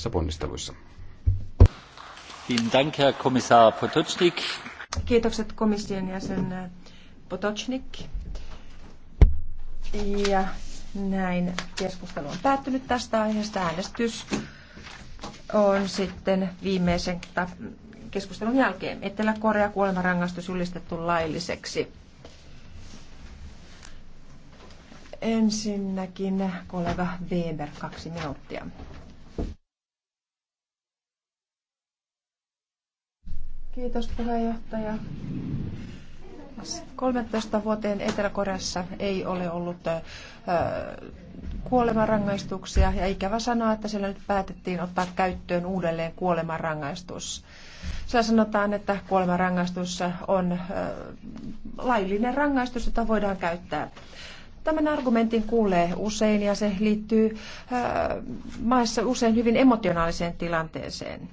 tässä ponnisteluissa. Kiitokset komission jäsen Potocnik. Ja näin keskustelu on päättynyt tästä aiheesta. Äänestys on sitten viimeisen keskustelun jälkeen. Etelä-Korea kuolemanrangaistus julistettu lailliseksi. Ensinnäkin kollega Weber, kaksi minuuttia. Kiitos puheenjohtaja. 13 vuoteen Etelä-Koreassa ei ole ollut kuolemanrangaistuksia ja ikävä sanoa, että siellä nyt päätettiin ottaa käyttöön uudelleen kuolemanrangaistus. Siellä sanotaan, että kuolemanrangaistus on laillinen rangaistus, jota voidaan käyttää. Tämän argumentin kuulee usein ja se liittyy maissa usein hyvin emotionaaliseen tilanteeseen.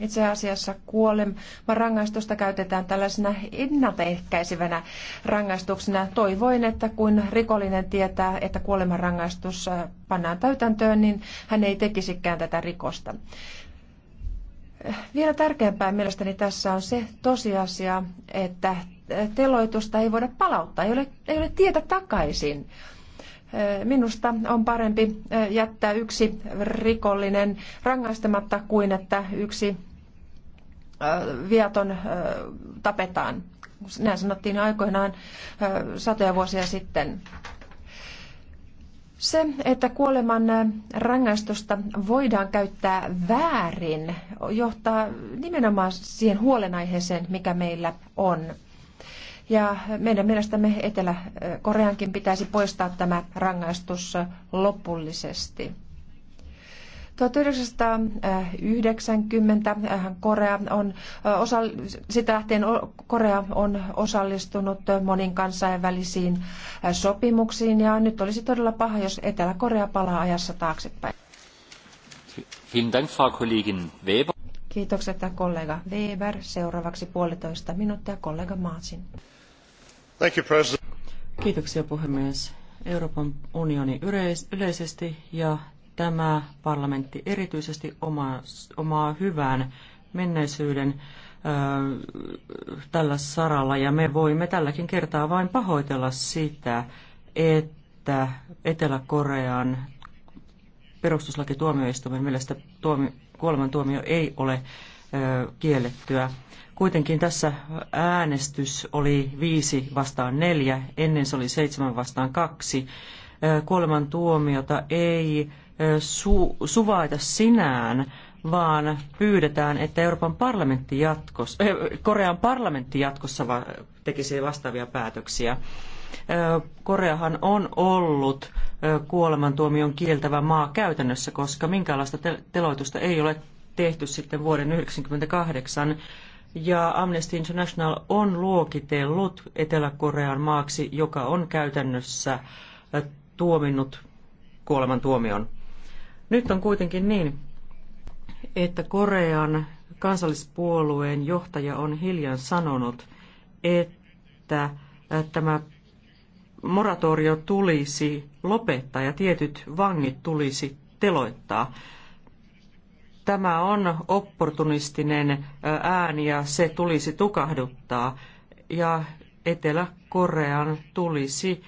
Itse asiassa kuolema rangaistusta käytetään tällaisena ennaltaehkäisevänä rangaistuksena. Toivoin, että kun rikollinen tietää, että kuolemanrangaistus äh, pannaan täytäntöön, niin hän ei tekisikään tätä rikosta. Äh, vielä tärkeämpää mielestäni tässä on se tosiasia, että äh, teloitusta ei voida palauttaa, ei ole, ei ole tietä takaisin. Minusta on parempi jättää yksi rikollinen rangaistamatta kuin että yksi viaton tapetaan. Näin sanottiin aikoinaan satoja vuosia sitten. Se, että kuoleman rangaistusta voidaan käyttää väärin, johtaa nimenomaan siihen huolenaiheeseen, mikä meillä on. Ja meidän mielestämme Etelä-Koreankin pitäisi poistaa tämä rangaistus lopullisesti. 1990 äh, Korea on, äh, osa, sitä lähtien Korea on osallistunut monin kansainvälisiin äh, sopimuksiin ja nyt olisi todella paha, jos Etelä-Korea palaa ajassa taaksepäin. Kiitokset kollega Weber. Seuraavaksi puolitoista minuuttia kollega Maasin. Kiitoksia puhemies. Euroopan unioni yleisesti ja tämä parlamentti erityisesti omaa, omaa hyvän menneisyyden tällä saralla ja me voimme tälläkin kertaa vain pahoitella sitä, että Etelä-Korean perustuslakituomioistuimen mielestä tuomi, kuolemantuomio ei ole kiellettyä. Kuitenkin tässä äänestys oli viisi vastaan neljä, ennen se oli seitsemän vastaan kaksi. tuomiota ei su- suvaita sinään, vaan pyydetään, että Euroopan parlamentti jatkossa, äh, Korean parlamentti jatkossa va- tekisi vastaavia päätöksiä. Koreahan on ollut kuolemantuomion kieltävä maa käytännössä, koska minkäänlaista teloitusta ei ole tehty sitten vuoden 1998. Ja Amnesty International on luokitellut Etelä-Korean maaksi, joka on käytännössä äh, tuominnut kuolemantuomion. Nyt on kuitenkin niin, että Korean kansallispuolueen johtaja on hiljan sanonut, että äh, tämä moratorio tulisi lopettaa ja tietyt vangit tulisi teloittaa. Tämä on opportunistinen ääni ja se tulisi tukahduttaa. Ja Etelä-Korean tulisi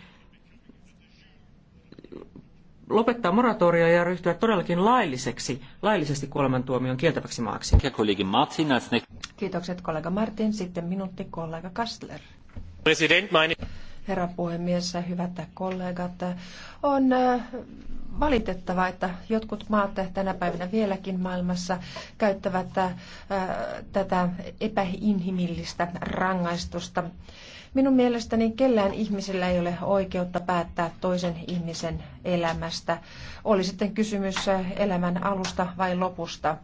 lopettaa moratoria ja ryhtyä todellakin lailliseksi, laillisesti kuolemantuomion kieltäväksi maaksi. Kiitokset kollega Martin. Sitten minuutti kollega Kastler. President, meine herra puhemies ja hyvät kollegat. On äh, valitettavaa, että jotkut maat tänä päivänä vieläkin maailmassa käyttävät äh, tätä epäinhimillistä rangaistusta. Minun mielestäni kellään ihmisellä ei ole oikeutta päättää toisen ihmisen elämästä. Oli sitten kysymys äh, elämän alusta vai lopusta,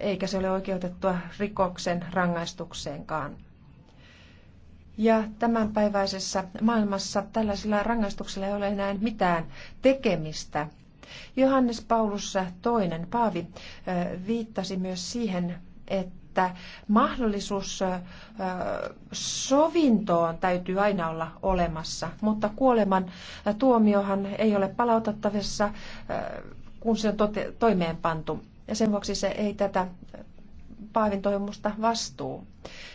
eikä se ole oikeutettua rikoksen rangaistukseenkaan. Ja tämänpäiväisessä maailmassa tällaisilla rangaistuksilla ei ole enää mitään tekemistä. Johannes Paulus toinen Paavi, viittasi myös siihen, että mahdollisuus sovintoon täytyy aina olla olemassa, mutta kuoleman tuomiohan ei ole palautettavissa, kun se on toimeenpantu. Ja sen vuoksi se ei tätä Paavin toivomusta vastuu.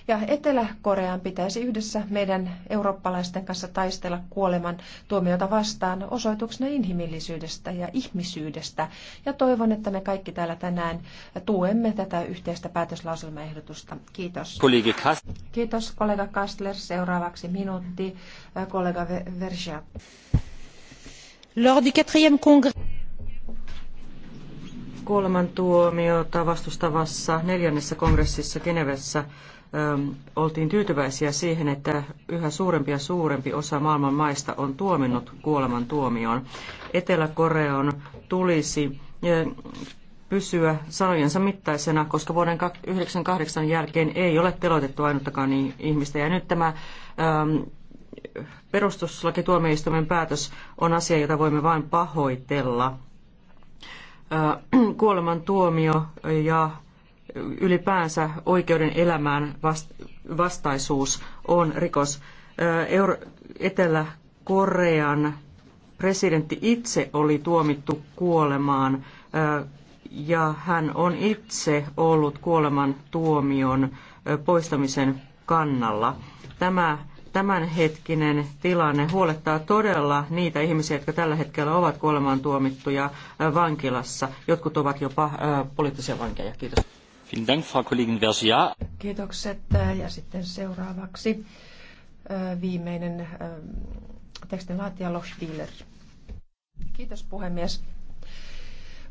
Ja Etelä-Korean pitäisi yhdessä meidän eurooppalaisten kanssa taistella kuoleman tuomiota vastaan osoituksena inhimillisyydestä ja ihmisyydestä. Ja toivon, että me kaikki täällä tänään tuemme tätä yhteistä päätöslauselmaehdotusta. Kiitos. Kiitos kollega Kastler. Seuraavaksi minuutti kollega Verja. Lors du quatrième congrès kuolemantuomiota vastustavassa neljännessä kongressissa Genevessä äm, oltiin tyytyväisiä siihen, että yhä suurempi ja suurempi osa maailman maista on tuominnut kuolemantuomioon. etelä koreon tulisi pysyä sanojensa mittaisena, koska vuoden 1998 jälkeen ei ole teloitettu ainuttakaan ihmistä. Ja nyt tämä äm, perustuslakituomioistuimen päätös on asia, jota voimme vain pahoitella. Äh, kuolemantuomio ja ylipäänsä oikeuden elämään vastaisuus on rikos. Äh, Etelä-Korean presidentti itse oli tuomittu kuolemaan äh, ja hän on itse ollut kuoleman tuomion poistamisen kannalla. Tämä tämänhetkinen tilanne huolettaa todella niitä ihmisiä, jotka tällä hetkellä ovat kuolemaan tuomittuja vankilassa. Jotkut ovat jopa poliittisia vankeja. Kiitos. Kiitokset. Ja sitten seuraavaksi viimeinen tekstin laatija Loch Kiitos puhemies.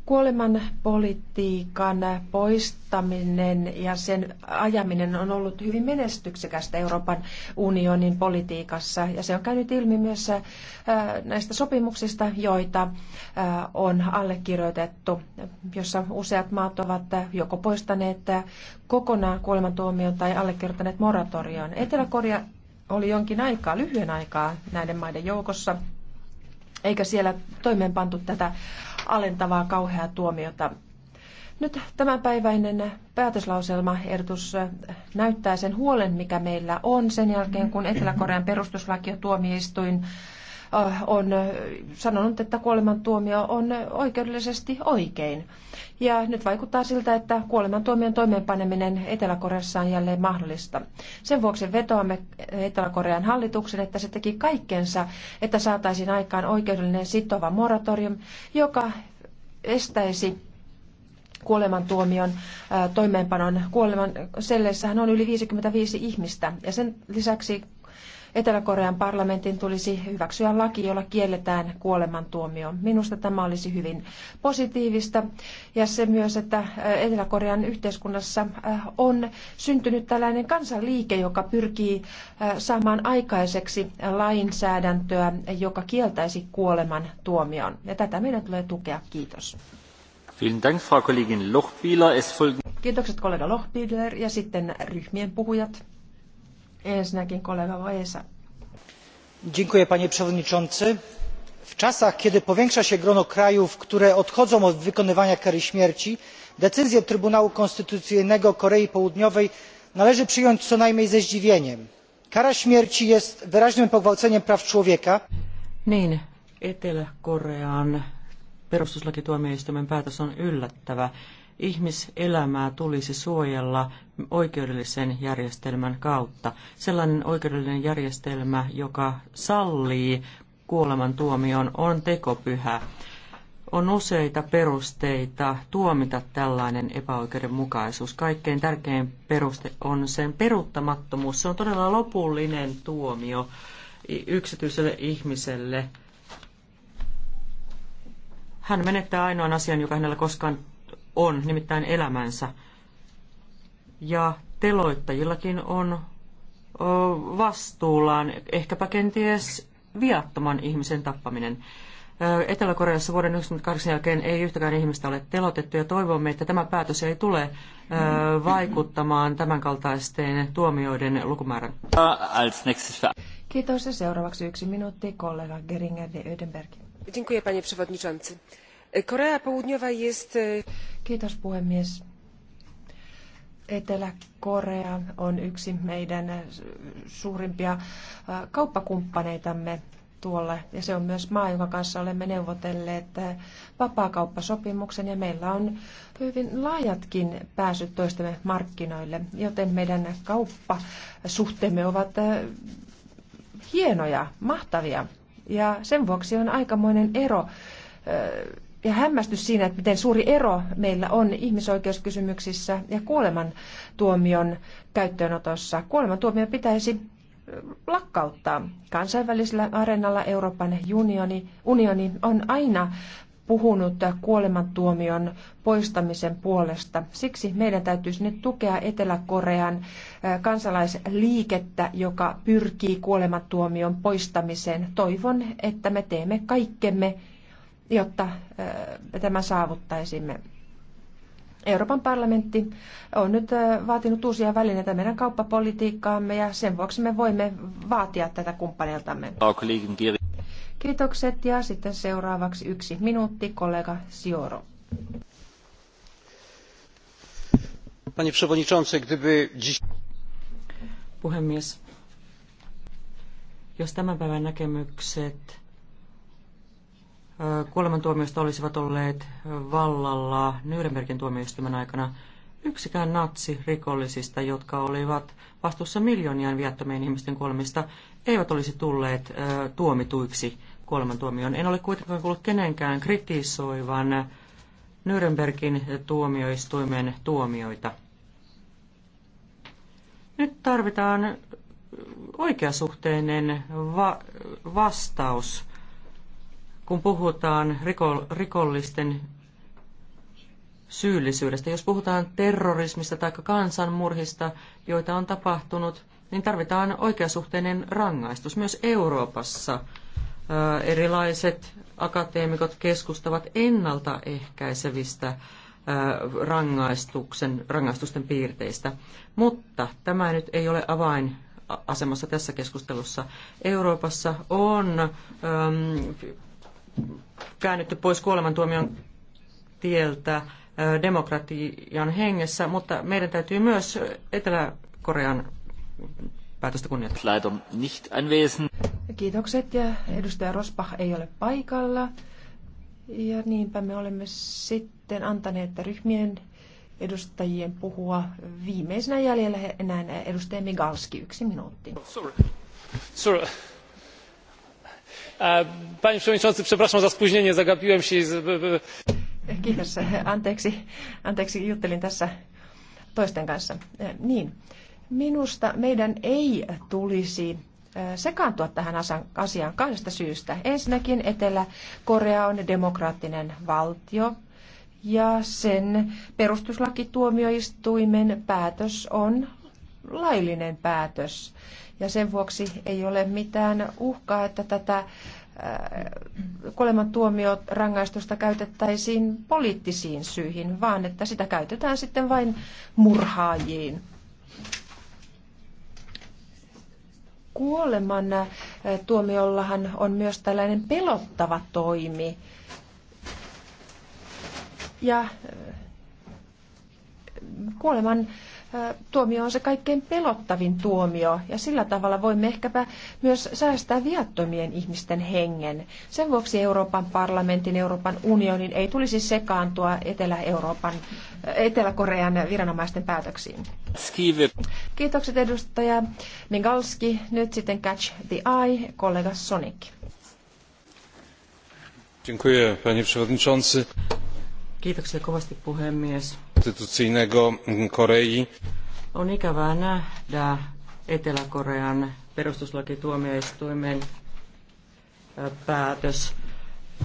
Kuoleman politiikan poistaminen ja sen ajaminen on ollut hyvin menestyksekästä Euroopan unionin politiikassa ja se on käynyt ilmi myös äh, näistä sopimuksista, joita äh, on allekirjoitettu, jossa useat maat ovat äh, joko poistaneet kokonaan kuolemantuomion tai allekirjoittaneet moratorion. Etelä-Korea oli jonkin aikaa, lyhyen aikaa näiden maiden joukossa, eikä siellä toimeenpantu tätä alentavaa kauheaa tuomiota. Nyt tämänpäiväinen ehdotus näyttää sen huolen, mikä meillä on sen jälkeen, kun Etelä-Korean perustuslaki ja tuomioistuin Äh, on äh, sanonut, että kuolemantuomio on oikeudellisesti oikein. Ja nyt vaikuttaa siltä, että kuolemantuomion toimeenpaneminen Etelä-Koreassa on jälleen mahdollista. Sen vuoksi vetoamme Etelä-Korean hallituksen, että se teki kaikkensa, että saataisiin aikaan oikeudellinen sitova moratorium, joka estäisi kuolemantuomion äh, toimeenpanon. Kuoleman selleissähän on yli 55 ihmistä ja sen lisäksi Etelä-Korean parlamentin tulisi hyväksyä laki, jolla kielletään kuolemantuomio. Minusta tämä olisi hyvin positiivista ja se myös, että äh, Etelä-Korean yhteiskunnassa äh, on syntynyt tällainen kansanliike, joka pyrkii äh, saamaan aikaiseksi lainsäädäntöä, joka kieltäisi kuoleman tuomion. Ja tätä meidän tulee tukea. Kiitos. Kiitokset kollega Lochbieler ja sitten ryhmien puhujat panie przewodniczący. W czasach, kiedy powiększa się grono krajów, które odchodzą od wykonywania kary śmierci, decyzję Trybunału Konstytucyjnego Korei Południowej należy przyjąć co najmniej ze zdziwieniem. Kara śmierci jest wyraźnym pogwałceniem praw człowieka. Niin, Etelä-Korean perustuslakituomioistuimen päätös on yllättävä ihmiselämää tulisi suojella oikeudellisen järjestelmän kautta. Sellainen oikeudellinen järjestelmä, joka sallii kuolemantuomion, on tekopyhä. On useita perusteita tuomita tällainen epäoikeudenmukaisuus. Kaikkein tärkein peruste on sen peruuttamattomuus. Se on todella lopullinen tuomio yksityiselle ihmiselle. Hän menettää ainoan asian, joka hänellä koskaan on, nimittäin elämänsä. Ja teloittajillakin on vastuullaan ehkäpä kenties viattoman ihmisen tappaminen. Etelä-Koreassa vuoden 1998 jälkeen ei yhtäkään ihmistä ole telotettu ja toivomme, että tämä päätös ei tule vaikuttamaan tämänkaltaisten tuomioiden lukumäärän. Kiitos ja seuraavaksi yksi minuutti kollega Geringer de Ödenberg. Dziękuję panie przewodniczący. Korea Południowa jest... E, Kiitos puhemies. Etelä-Korea on yksi meidän e, suurimpia e, kauppakumppaneitamme tuolla. Ja se on myös maa, jonka kanssa olemme neuvotelleet vapaakauppasopimuksen ja meillä on hyvin laajatkin pääsyt toistemme markkinoille, joten meidän kauppasuhteemme ovat hienoja, mahtavia. Ja sen vuoksi on aikamoinen ero ja hämmästys siinä, että miten suuri ero meillä on ihmisoikeuskysymyksissä ja kuolemantuomion käyttöönotossa. Kuolemantuomio pitäisi lakkauttaa. Kansainvälisellä areenalla Euroopan unioni, unioni on aina puhunut kuolemantuomion poistamisen puolesta. Siksi meidän täytyisi nyt tukea Etelä-Korean kansalaisliikettä, joka pyrkii kuolemantuomion poistamiseen. Toivon, että me teemme kaikkemme, jotta tämä saavuttaisimme. Euroopan parlamentti on nyt vaatinut uusia välineitä meidän kauppapolitiikkaamme ja sen vuoksi me voimme vaatia tätä kumppaneiltamme. Kiitokset ja sitten seuraavaksi yksi minuutti kollega Sioro. Panie przewodniczący, gdyby dziś... Puhemies, jos tämän päivän näkemykset kuolemantuomioista olisivat olleet vallalla Nürnbergin tuomioistuimen aikana yksikään natsirikollisista, jotka olivat vastuussa miljoonien viattomien ihmisten kuolemista, eivät olisi tulleet tuomituiksi kuolemantuomioon. En ole kuitenkaan kuullut kenenkään kritisoivan Nürnbergin tuomioistuimen tuomioita. Nyt tarvitaan oikeasuhteinen va- vastaus kun puhutaan rikollisten syyllisyydestä. Jos puhutaan terrorismista tai kansanmurhista, joita on tapahtunut, niin tarvitaan oikeasuhteinen rangaistus. Myös Euroopassa erilaiset akateemikot keskustavat ennaltaehkäisevistä rangaistuksen, rangaistusten piirteistä. Mutta tämä nyt ei ole avain asemassa tässä keskustelussa. Euroopassa on äm, käännytty pois kuolemantuomion tieltä demokratian hengessä, mutta meidän täytyy myös Etelä-Korean päätöstä kunnioittaa. Kiitokset ja edustaja Rosbach ei ole paikalla. Ja niinpä me olemme sitten antaneet ryhmien edustajien puhua viimeisenä jäljellä enää edustaja Migalski yksi minuutti. Sorry. Sorry. Panie przewodniczący, przepraszam za spóźnienie, zagapiłem się. i. Anteeksi, anteeksi juttelin tässä toisten kanssa. E, niin, minusta meidän ei tulisi e, sekaantua tähän asiaan kahdesta syystä. Ensinnäkin Etelä-Korea on demokraattinen valtio ja sen perustuslakituomioistuimen päätös on laillinen päätös. Ja sen vuoksi ei ole mitään uhkaa, että tätä äh, kuolemantuomiot rangaistusta käytettäisiin poliittisiin syihin, vaan että sitä käytetään sitten vain murhaajiin. Kuoleman äh, tuomiollahan on myös tällainen pelottava toimi. Ja äh, kuoleman tuomio on se kaikkein pelottavin tuomio ja sillä tavalla voimme ehkäpä myös säästää viattomien ihmisten hengen. Sen vuoksi Euroopan parlamentin, Euroopan unionin ei tulisi sekaantua Etelä-Euroopan, Etelä-Korean viranomaisten päätöksiin. Kiitokset edustaja Mingalski. Nyt sitten Catch the Eye, kollega Sonic. Kiitoksia kovasti puhemies konstytucyjnego Korei. On ikävää nähdä Etelä-Korean perustuslakituomioistuimen päätös.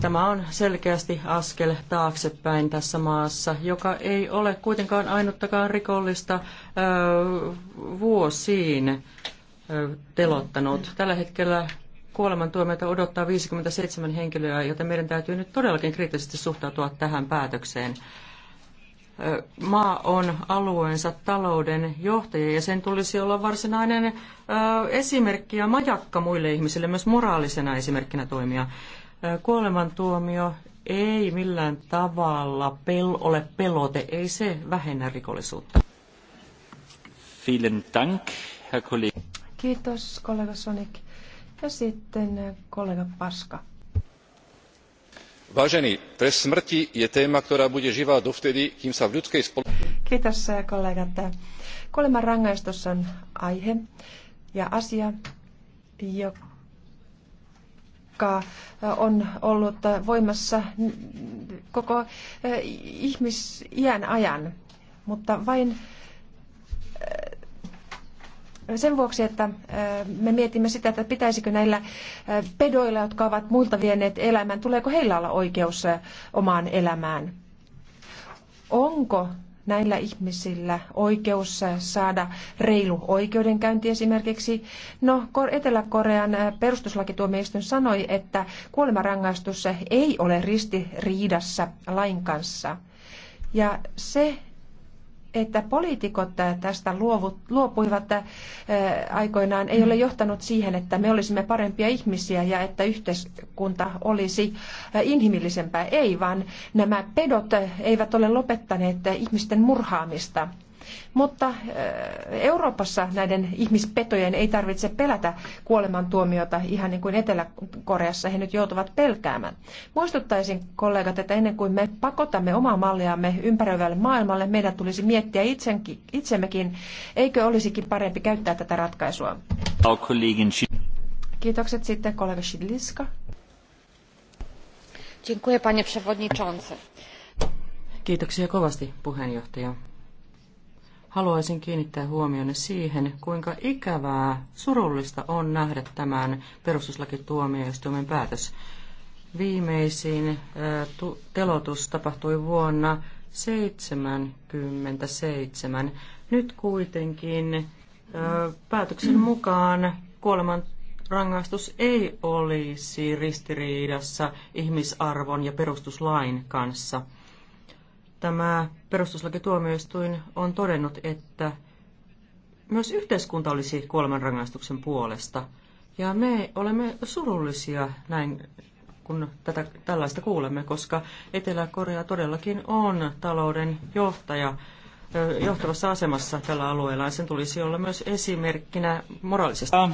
Tämä on selkeästi askel taaksepäin tässä maassa, joka ei ole kuitenkaan ainuttakaan rikollista vuosiin telottanut. Tällä hetkellä kuolemantuomioita odottaa 57 henkilöä, joten meidän täytyy nyt todellakin kriittisesti suhtautua tähän päätökseen maa on alueensa talouden johtaja ja sen tulisi olla varsinainen esimerkki ja majakka muille ihmisille, myös moraalisena esimerkkinä toimia. Kuolemantuomio ei millään tavalla pel- ole pelote, ei se vähennä rikollisuutta. Vielen dank, Herr Kiitos, kollega Sonik. Ja sitten kollega Paska vážení trest smrti je téma ktorá bude živá dovtedy kým sa v ľudskej spoločnosti. Eh, kuolemanrangaistus on aihe ja asia joka eh, on ollut eh, voimassa koko ihmisiän ajan mutta vain sen vuoksi, että me mietimme sitä, että pitäisikö näillä pedoilla, jotka ovat muilta vieneet elämän, tuleeko heillä olla oikeus omaan elämään? Onko näillä ihmisillä oikeus saada reilu oikeudenkäynti esimerkiksi. No, Etelä-Korean perustuslakituomioistuin sanoi, että kuolemarangaistus ei ole ristiriidassa lain kanssa. Ja se, että poliitikot tästä luovut, luopuivat äh, aikoinaan ei ole johtanut siihen, että me olisimme parempia ihmisiä ja että yhteiskunta olisi äh, inhimillisempää. Ei, vaan nämä pedot äh, eivät ole lopettaneet ihmisten murhaamista. Mutta Euroopassa näiden ihmispetojen ei tarvitse pelätä kuolemantuomiota ihan niin kuin Etelä-Koreassa he nyt joutuvat pelkäämään. Muistuttaisin kollegat, että ennen kuin me pakotamme omaa malliamme ympäröivälle maailmalle, meidän tulisi miettiä itsemmekin, eikö olisikin parempi käyttää tätä ratkaisua. Kiitokset sitten kollega Sidliska. Dziękuję panie przewodniczący. Kiitoksia kovasti puheenjohtaja haluaisin kiinnittää huomionne siihen, kuinka ikävää, surullista on nähdä tämän perustuslakituomioistuimen päätös. Viimeisin äh, telotus tapahtui vuonna 1977. Nyt kuitenkin äh, päätöksen mukaan kuoleman rangaistus ei olisi ristiriidassa ihmisarvon ja perustuslain kanssa – tämä perustuslakituomioistuin on todennut, että myös yhteiskunta olisi kuolemanrangaistuksen puolesta. Ja me olemme surullisia näin, kun tätä, tällaista kuulemme, koska Etelä-Korea todellakin on talouden johtaja johtavassa asemassa tällä alueella. Sen tulisi olla myös esimerkkinä moraalisesta.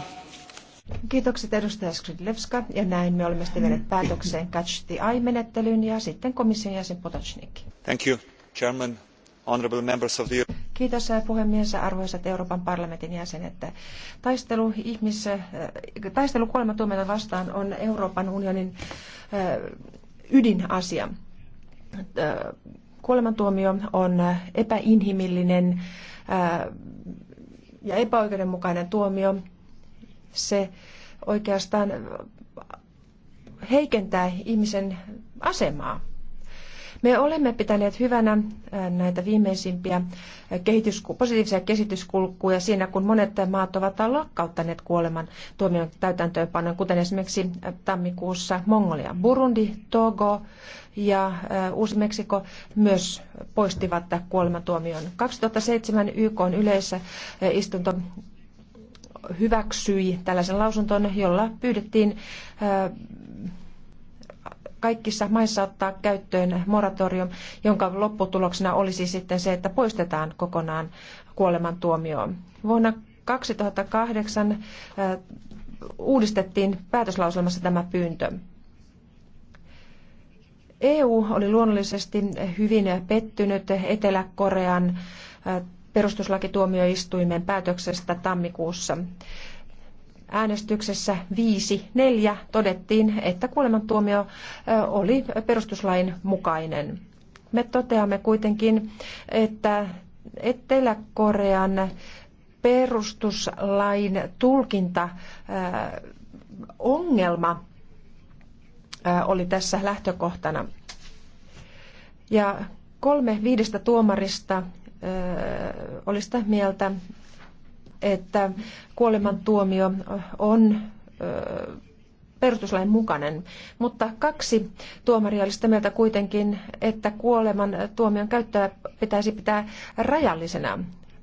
Kiitokset edustaja Skridlevska ja näin me olemme sitten vieneet päätökseen Catch the eye menettelyyn ja sitten komission jäsen Potocnik. Thank you, Chairman, honorable members of the... Kiitos puhemies arvoisat Euroopan parlamentin jäsenet. Taistelu, ihmis, taistelu kuolematuomioita vastaan on Euroopan unionin ydinasia. Kuolemantuomio on epäinhimillinen ja epäoikeudenmukainen tuomio, se oikeastaan heikentää ihmisen asemaa. Me olemme pitäneet hyvänä äh, näitä viimeisimpiä äh, kehitysku- positiivisia kehityskulkuja siinä, kun monet maat ovat lakkauttaneet kuoleman tuomion täytäntöönpanon, kuten esimerkiksi äh, tammikuussa Mongolia, Burundi, Togo ja Uusi-Meksiko myös poistivat kuolemantuomion. 2007 YK on istunto hyväksyi tällaisen lausunton, jolla pyydettiin kaikissa maissa ottaa käyttöön moratorium, jonka lopputuloksena olisi sitten se, että poistetaan kokonaan kuolemantuomio. Vuonna 2008 uudistettiin päätöslauselmassa tämä pyyntö. EU oli luonnollisesti hyvin pettynyt Etelä-Korean perustuslakituomioistuimen päätöksestä tammikuussa. Äänestyksessä 5-4 todettiin, että kuolemantuomio oli perustuslain mukainen. Me toteamme kuitenkin, että Etelä-Korean perustuslain tulkinta ongelma oli tässä lähtökohtana. Ja kolme viidestä tuomarista oli sitä mieltä, että kuolemantuomio on perustuslain mukainen, mutta kaksi tuomaria oli sitä mieltä kuitenkin, että kuoleman tuomion käyttöä pitäisi pitää rajallisena.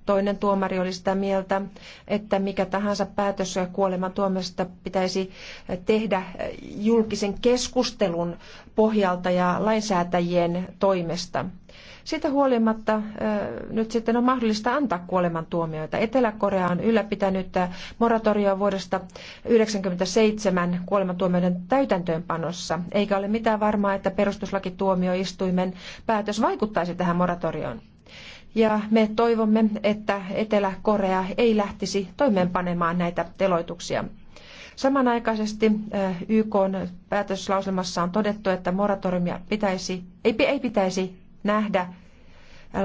Toinen tuomari oli sitä mieltä, että mikä tahansa päätös kuoleman tuomesta pitäisi tehdä julkisen keskustelun pohjalta ja lainsäätäjien toimesta. Sitä huolimatta nyt sitten on mahdollista antaa kuolemantuomioita. Etelä-Korea on ylläpitänyt moratorioa vuodesta 1997 kuolemantuomioiden täytäntöönpanossa, eikä ole mitään varmaa, että perustuslakituomioistuimen päätös vaikuttaisi tähän moratorioon. Ja me toivomme, että Etelä-Korea ei lähtisi toimeenpanemaan näitä teloituksia. Samanaikaisesti YK päätöslauselmassa on todettu, että moratoriumia pitäisi, ei, ei pitäisi nähdä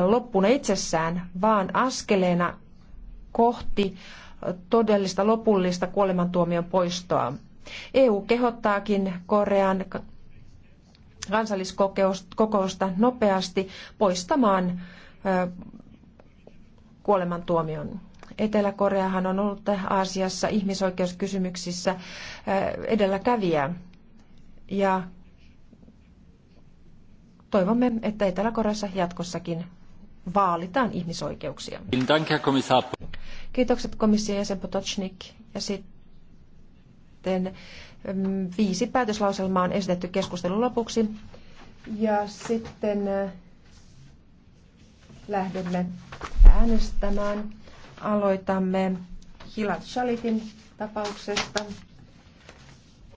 loppuna itsessään, vaan askeleena kohti todellista lopullista kuolemantuomion poistoa. EU kehottaakin Korean kansalliskokousta nopeasti poistamaan kuolemantuomion. Etelä-Koreahan on ollut Aasiassa ihmisoikeuskysymyksissä edelläkävijä ja toivomme, että Etelä-Koreassa jatkossakin vaalitaan ihmisoikeuksia. Kiitokset komission jäsen Potocnik ja sitten mm, viisi päätöslauselmaa on esitetty keskustelun lopuksi. Ja sitten äh, lähdemme äänestämään. Aloitamme Hilat Shalitin tapauksesta.